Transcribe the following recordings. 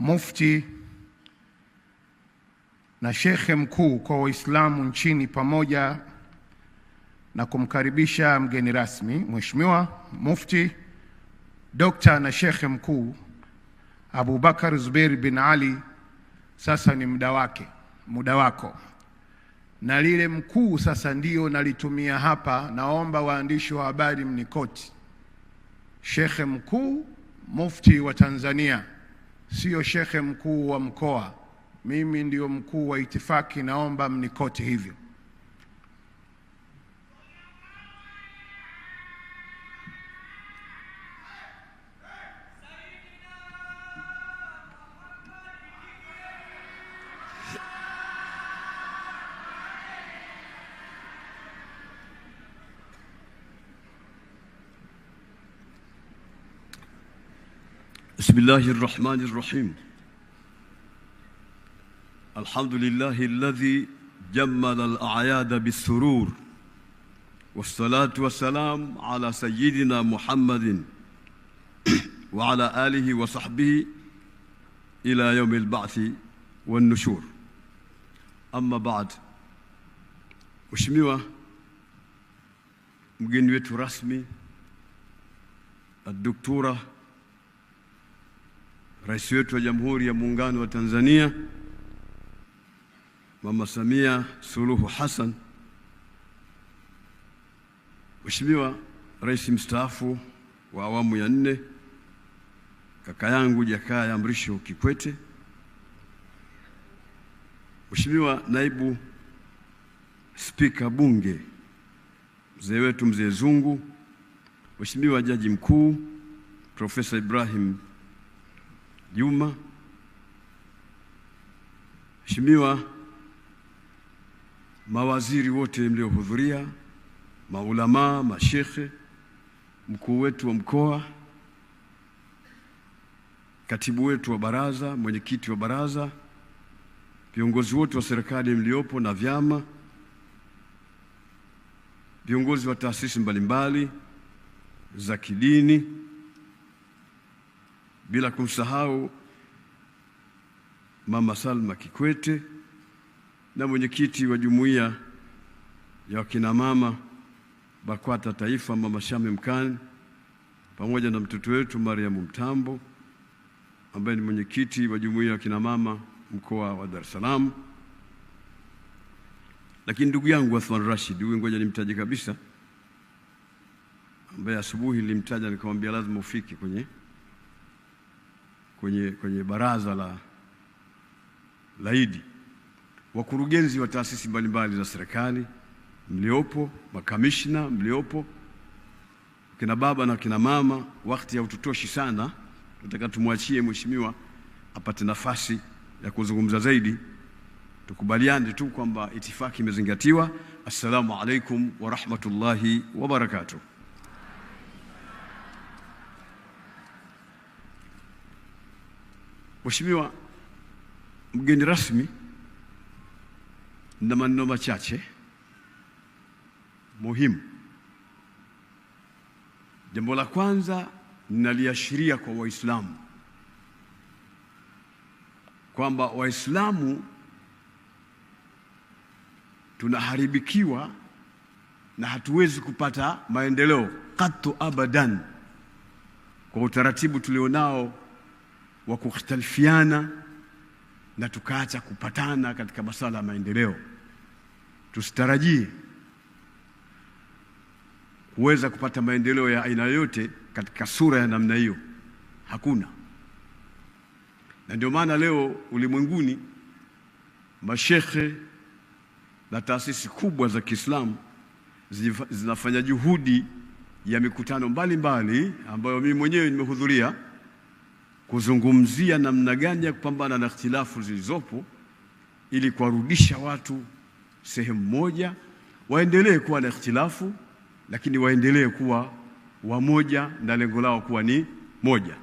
mufti na shekhe mkuu kwa Waislamu nchini pamoja na kumkaribisha mgeni rasmi Mheshimiwa Mufti Dokta na Shekhe Mkuu Abubakar Zubeir bin Ali. Sasa ni muda wake, muda wako na lile mkuu sasa ndio nalitumia hapa. Naomba waandishi wa habari mnikoti, Shekhe Mkuu Mufti wa Tanzania sio shekhe mkuu wa mkoa, mimi ndio mkuu wa itifaki, naomba mnikoti hivyo. بسم الله الرحمن الرحيم الحمد لله الذي جمل الأعياد بالسرور والصلاة والسلام على سيدنا محمد وعلى آله وصحبه إلى يوم البعث والنشور أما بعد وشميوة مجنوية رسمي الدكتورة Rais wetu wa Jamhuri ya Muungano wa Tanzania Mama Samia Suluhu Hassan, Mheshimiwa Rais mstaafu wa awamu ya nne kaka yangu Jakaya Mrisho Kikwete, Mheshimiwa Naibu Spika Bunge mzee wetu Mzee Zungu, Mheshimiwa Jaji Mkuu Profesa Ibrahim Juma, Mheshimiwa mawaziri wote mliohudhuria, maulamaa, mashekhe, mkuu wetu wa mkoa, katibu wetu wa baraza, mwenyekiti wa baraza, viongozi wote wa serikali mliopo na vyama, viongozi wa taasisi mbalimbali za kidini bila kumsahau Mama Salma Kikwete na mwenyekiti wa jumuiya ya wakinamama BAKWATA Taifa, Mama Shame Mkani, pamoja na mtoto wetu Mariamu Mtambo ambaye ni mwenyekiti wa jumuiya ya wakinamama mkoa wa Dar es Salaam. Lakini ndugu yangu Athman Rashid, huyu ngoja nimtaje kabisa, ambaye asubuhi nilimtaja nikamwambia lazima ufike kwenye kwenye, kwenye baraza la laidi, wakurugenzi wa taasisi mbalimbali za serikali mliopo, makamishna mliopo, kina baba na kina mama, wakati ututoshi sana, nataka tumwachie mheshimiwa apate nafasi ya kuzungumza zaidi. Tukubaliane tu kwamba itifaki imezingatiwa. Assalamu alaikum wa rahmatullahi wa barakatuh. Mheshimiwa mgeni rasmi, na maneno machache muhimu. Jambo la kwanza naliashiria kwa Waislamu kwamba Waislamu tunaharibikiwa na hatuwezi kupata maendeleo katu abadan kwa utaratibu tulionao wa kukhtalifiana na tukaacha kupatana katika masala ya maendeleo. Tusitarajie kuweza kupata maendeleo ya aina yoyote katika sura ya namna hiyo, hakuna. Na ndio maana leo ulimwenguni mashekhe na taasisi kubwa za Kiislamu zinafanya juhudi ya mikutano mbalimbali mbali, ambayo mimi mwenyewe nimehudhuria kuzungumzia namna gani ya kupambana na ikhtilafu zilizopo ili kuwarudisha watu sehemu moja, waendelee kuwa na ikhtilafu lakini waendelee kuwa wamoja na lengo lao kuwa ni moja.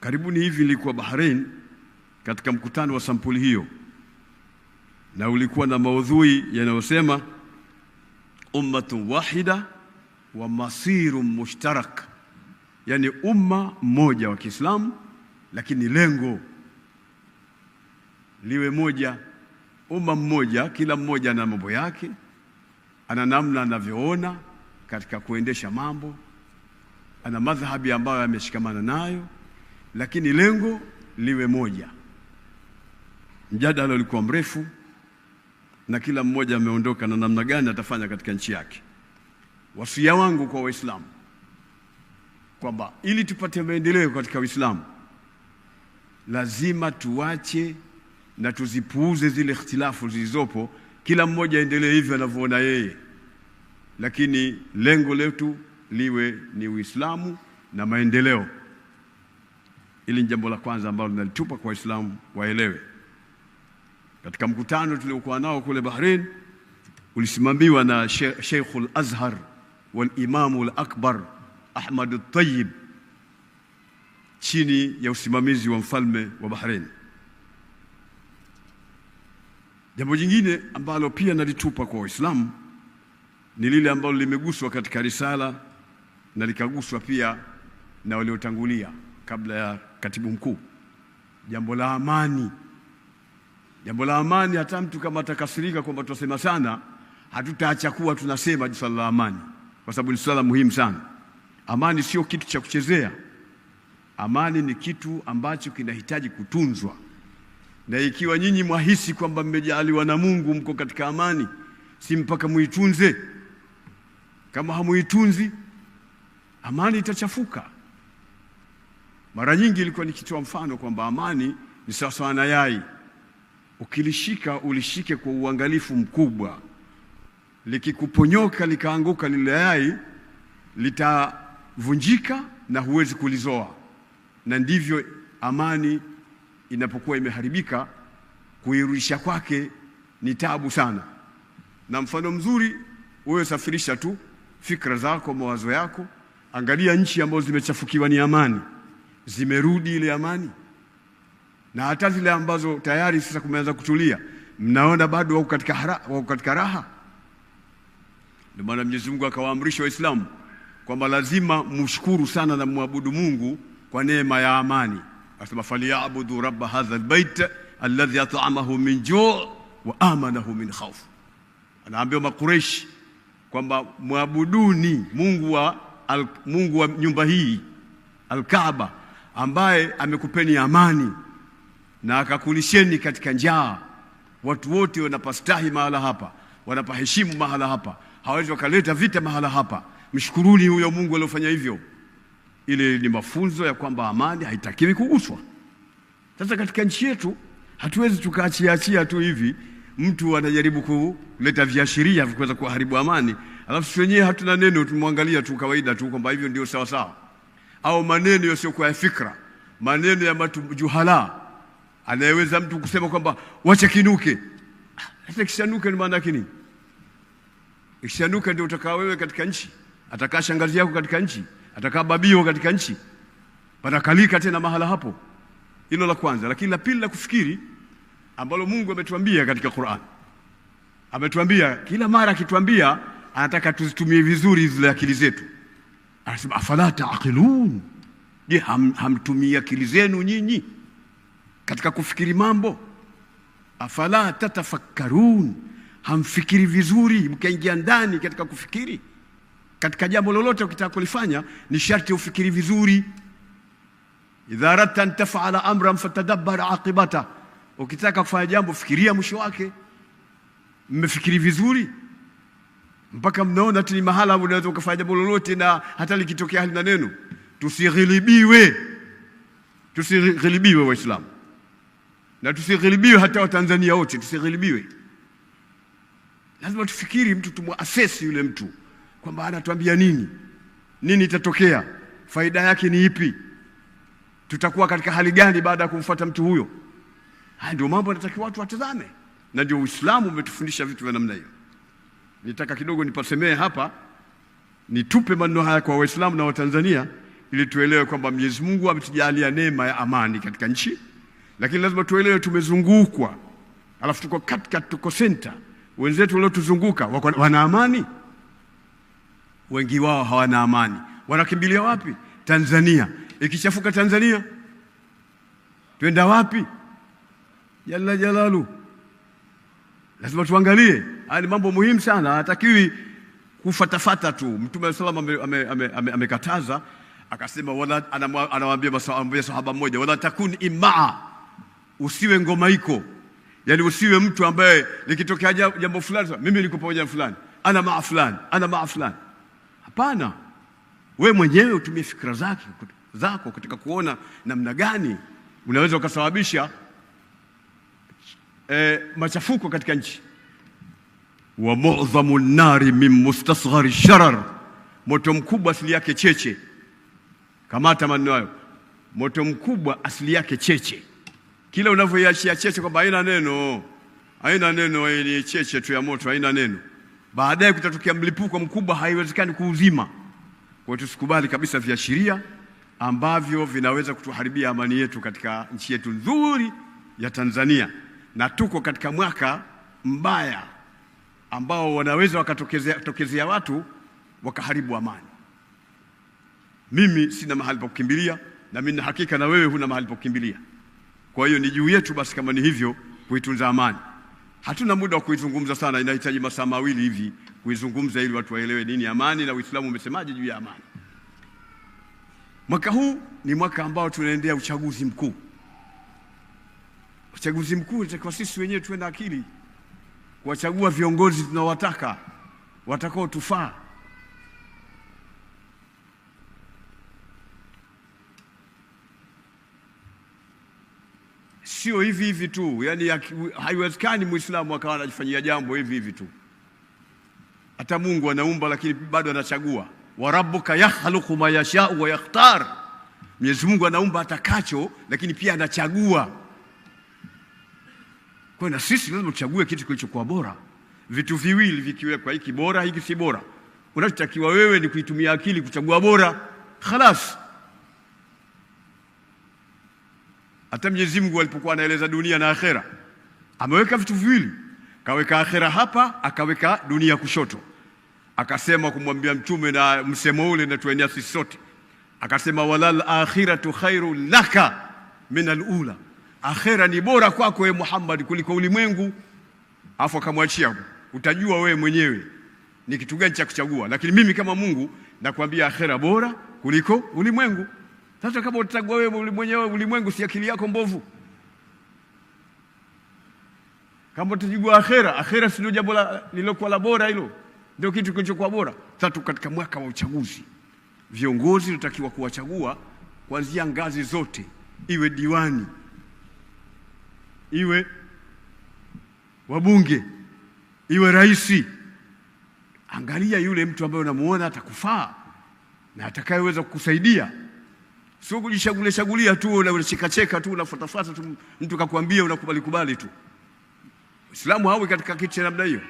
Karibuni hivi nilikuwa Bahrain katika mkutano wa sampuli hiyo, na ulikuwa na maudhui yanayosema ummatun wahida wa masirun mushtarak yaani umma mmoja wa Kiislamu, lakini lengo liwe moja, umma mmoja, kila mmoja ana mambo yake, ana namna anavyoona katika kuendesha mambo, ana madhhabi ambayo ameshikamana nayo, lakini lengo liwe moja. Mjadala ulikuwa mrefu na kila mmoja ameondoka na namna gani atafanya katika nchi yake. Wasia wangu kwa Waislamu kwamba ili tupate maendeleo katika Uislamu lazima tuache na tuzipuuze zile ikhtilafu zilizopo, kila mmoja aendelee hivyo anavyoona yeye, lakini lengo letu liwe ni Uislamu na maendeleo. Hili ni jambo la kwanza ambalo linalitupa kwa Waislamu waelewe. Katika mkutano tuliokuwa nao kule Bahrain ulisimamiwa na Sheikhul Azhar wal Imamul Akbar Ahmad Tayyib chini ya usimamizi wa mfalme wa Bahrain. Jambo jingine ambalo pia nalitupa kwa Waislamu ni lile ambalo limeguswa katika risala na likaguswa pia na waliotangulia kabla ya katibu mkuu, jambo la amani. Jambo la amani, hata mtu kama atakasirika kwamba tunasema sana, hatutaacha kuwa tunasema swala la amani, kwa sababu ni swala muhimu sana. Amani sio kitu cha kuchezea. Amani ni kitu ambacho kinahitaji kutunzwa, na ikiwa nyinyi mwahisi kwamba mmejaaliwa na Mungu mko katika amani, si mpaka muitunze? Kama hamuitunzi amani itachafuka. Mara nyingi ilikuwa nikitoa mfano kwamba amani ni sawasawa na yai, ukilishika ulishike kwa uangalifu mkubwa, likikuponyoka likaanguka lile yai lita vunjika na huwezi kulizoa, na ndivyo amani inapokuwa imeharibika, kuirudisha kwake ni tabu sana. Na mfano mzuri, wewe safirisha tu fikra zako, mawazo yako, angalia nchi ambazo zimechafukiwa ni amani, zimerudi ile amani, na hata zile ambazo tayari sasa kumeanza kutulia, mnaona bado wako katika raha. Ndio maana Mwenyezi Mungu akawaamrisha Waislamu kwamba lazima mshukuru sana na mwabudu Mungu kwa neema ya amani. Asema faliyabudu rabba hadha albayt alladhi at'amahu min ju' wa amanahu min khawf. Anaambia Makureshi kwamba mwabuduni Mungu wa, al, Mungu wa nyumba hii Alkaaba, ambaye amekupeni amani na akakulisheni katika njaa. Watu wote wanapastahi mahala hapa, wanapaheshimu mahala hapa, hawezi wakaleta vita mahala hapa Mshukuruni huyo Mungu aliyofanya hivyo. Ile ni mafunzo ya kwamba amani haitakiwi kuguswa. Sasa katika nchi yetu hatuwezi tukaachiaachia tu hivi, mtu anajaribu kuleta viashiria vikuweza kuharibu amani, alafu si wenyewe hatuna neno, tumwangalia tu kawaida tu kwamba hivyo ndio sawa sawa, au maneno yasiyokuwa ya fikra, maneno ya matu juhala, anayeweza mtu kusema kwamba wacha kinuke. Hata kishanuke ni maana yake nini? Ikishanuka ndio utakaa wewe katika nchi. Atakaa shangazi yako katika nchi, atakaa babio katika nchi, patakalika tena mahala hapo. Hilo la kwanza. Lakini la pili la kufikiri ambalo Mungu ametuambia katika Qur'an, ametuambia kila mara, akituambia anataka tuzitumie vizuri zile akili zetu. Anasema afala taqilun, je, ham, hamtumii akili zenu nyinyi katika kufikiri mambo? Afala tatafakkarun, hamfikiri vizuri mkaingia ndani katika kufikiri katika jambo lolote ukitaka kulifanya ni sharti ufikiri vizuri. Idha aradta an tafala amran fatadabbar aqibata, ukitaka kufanya jambo fikiria mwisho wake. Mmefikiri vizuri mpaka mnaona tini mahala unaweza ukafanya jambo lolote, na hata likitokea halina neno. Tusighilibiwe, tusighilibiwe Waislamu na tusighilibiwe hata Watanzania wote, tusighilibiwe. Lazima tufikiri mtu, tumwassess yule mtu kwamba anatuambia nini, nini itatokea, faida yake ni ipi, tutakuwa katika hali gani baada ya kumfuata mtu huyo. Haya ndio mambo yanatakiwa watu watazame, na ndio Uislamu umetufundisha vitu vya namna hiyo. Nitaka kidogo nipasemee hapa, nitupe maneno haya kwa Waislamu na Watanzania ili tuelewe kwamba Mwenyezi Mungu ametujalia neema ya amani katika nchi, lakini lazima tuelewe tumezungukwa, alafu tuko katikati, tuko senta. Wenzetu waliotuzunguka wana amani? wengi wao hawana amani. Wanakimbilia wapi? Tanzania. Ikichafuka Tanzania twenda wapi? Jalla jalalu, lazima tuangalie. Haya ni mambo muhimu sana, hatakiwi kufatafata tu. Mtume wa salam amekataza, akasema, anawaambia sahaba mmoja, wala takun imaa, usiwe iko, yani usiwe mtu ambaye likitokea jambo fulani, mimi niko pamoja na fulani, ana maa fulani, ana maa fulani Hapana, we mwenyewe utumie fikra zake, zako katika kuona namna gani unaweza ukasababisha e, machafuko katika nchi. wa mu'dhamu nari min mustasghari sharar, moto mkubwa asili yake cheche. Kamata maneno hayo, moto mkubwa asili yake cheche. Kila unavyoiachia cheche kwamba haina neno, haina neno, ni cheche tu ya moto, haina neno baadaye kutatokea mlipuko mkubwa, haiwezekani kuuzima. Kwa hiyo tusikubali kabisa viashiria ambavyo vinaweza kutuharibia amani yetu katika nchi yetu nzuri ya Tanzania, na tuko katika mwaka mbaya ambao wanaweza wakatokezea watu wakaharibu amani. Mimi sina mahali pa kukimbilia, na mimi na hakika na wewe huna mahali pa kukimbilia. Kwa hiyo ni juu yetu basi, kama ni hivyo, kuitunza amani. Hatuna muda wa kuizungumza sana, inahitaji masaa mawili hivi kuizungumza ili watu waelewe nini amani na Uislamu umesemaje juu ya amani. Mwaka huu ni mwaka ambao tunaendea uchaguzi mkuu. Uchaguzi mkuu natakiwa sisi wenyewe tuwe na akili kuwachagua viongozi tunawataka watakao tufaa sio hivi hivi tu, yani haiwezekani Muislamu akawa anajifanyia jambo hivi hivi tu. Hata Mungu anaumba, lakini bado anachagua. wa rabbuka yakhluqu ma yashau wa yakhtar, Mwenyezi Mungu anaumba atakacho, lakini pia anachagua. Kwa na sisi lazima tuchague kitu kilichokuwa bora. Vitu viwili vikiwekwa, hiki bora, hiki si bora, unachotakiwa wewe ni kuitumia akili kuchagua bora, khalas. Hata Mwenyezi Mungu alipokuwa anaeleza dunia na akhera, ameweka vitu viwili, kaweka akhera hapa, akaweka dunia kushoto. Akasema kumwambia mtume na msemo ule natuenia sisi sote, akasema walal akhiratu khairu laka min alula, akhera ni bora kwako wewe Muhammad kuliko ulimwengu. Afu akamwachia utajua wewe mwenyewe ni kitu gani cha kuchagua, lakini mimi kama Mungu nakwambia akhera bora kuliko ulimwengu. Sasa kama utachagua wewe mwenyewe ulimwengu, si akili yako mbovu? Kama utajigua akhera, akhera si ndio jambo lilokuwa la bora, hilo ndio kitu kilichokuwa bora. tatu katika mwaka wa uchaguzi, viongozi natakiwa kuwachagua kuanzia ngazi zote, iwe diwani, iwe wabunge, iwe rais. Angalia yule mtu ambaye unamuona atakufaa na atakayeweza kukusaidia sio kujichagulia chagulia tu, unachekacheka tu, unafuatafuata tu, mtu akakwambia unakubali kubali tu. Uislamu hawi katika kitu cha namna hiyo.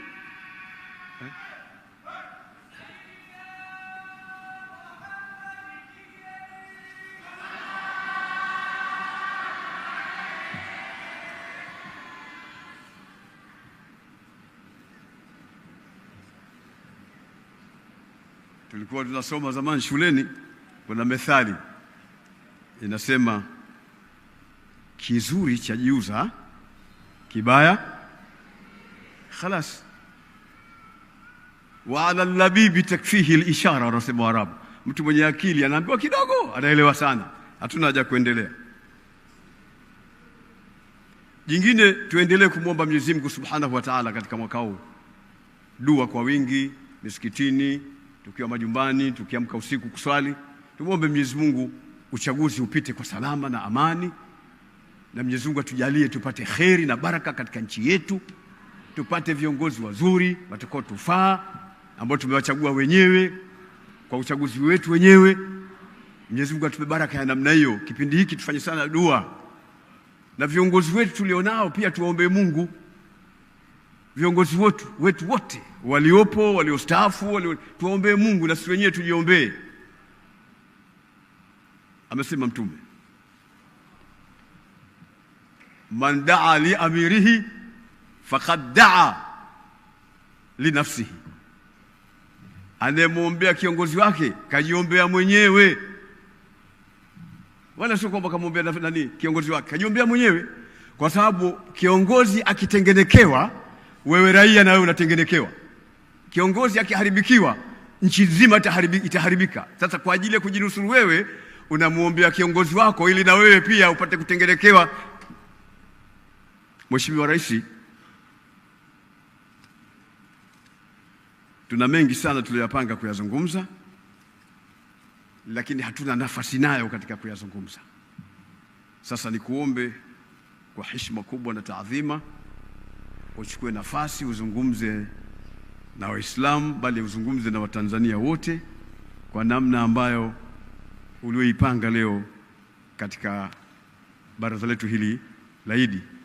Tulikuwa tunasoma zamani shuleni, kuna methali inasema kizuri cha jiuza, kibaya khalas. wa ala labibi takfihi lishara, wanasema Waarabu. Mtu mwenye akili anaambiwa kidogo, anaelewa sana. Hatuna haja kuendelea. Jingine, tuendelee kumwomba Mwenyezi Mungu subhanahu wa taala katika mwaka huu, dua kwa wingi misikitini, tukiwa majumbani, tukiamka usiku kuswali, tumwombe Mwenyezi Mungu uchaguzi upite kwa salama na amani, na Mwenyezi Mungu atujalie tupate kheri na baraka katika nchi yetu, tupate viongozi wazuri watakao tufaa ambao tumewachagua wenyewe kwa uchaguzi wetu wenyewe. Mwenyezi Mungu atupe baraka ya namna hiyo. Kipindi hiki tufanye sana dua, na viongozi wetu tulionao pia tuwaombe Mungu. Viongozi wetu wetu wote waliopo, waliostaafu, walio, tuwaombee Mungu na sisi wenyewe tujiombee amesema Mtume, man daa li amirihi faqad daa li nafsihi, anayemwombea kiongozi wake kajiombea mwenyewe, wala sio kwamba kamwombea nani kiongozi wake, kajiombea mwenyewe, kwa sababu kiongozi akitengenekewa, wewe raia na wewe unatengenekewa. Kiongozi akiharibikiwa, nchi nzima itaharibika. Sasa kwa ajili ya kujinusuru wewe unamwombea kiongozi wako ili na wewe pia upate kutengelekewa. Mheshimiwa Rais, tuna mengi sana tuliyopanga kuyazungumza, lakini hatuna nafasi nayo katika kuyazungumza. Sasa nikuombe kwa heshima kubwa na taadhima uchukue nafasi uzungumze na Waislamu, bali uzungumze na Watanzania wote kwa namna ambayo ulioipanga leo katika baraza letu hili la Idi.